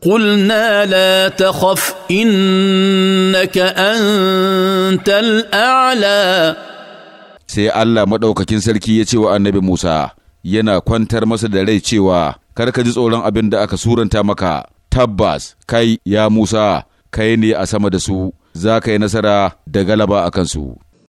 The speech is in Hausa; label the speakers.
Speaker 1: قلنا لا تخف إنك أنت
Speaker 2: الأعلى sai Allah maɗaukakin sarki ya ce wa annabi Musa yana kwantar masa da rai cewa kar ka ji tsoron abin da aka suranta maka tabbas kai ya Musa kai ne a sama da su za ka yi nasara
Speaker 3: da galaba a kansu.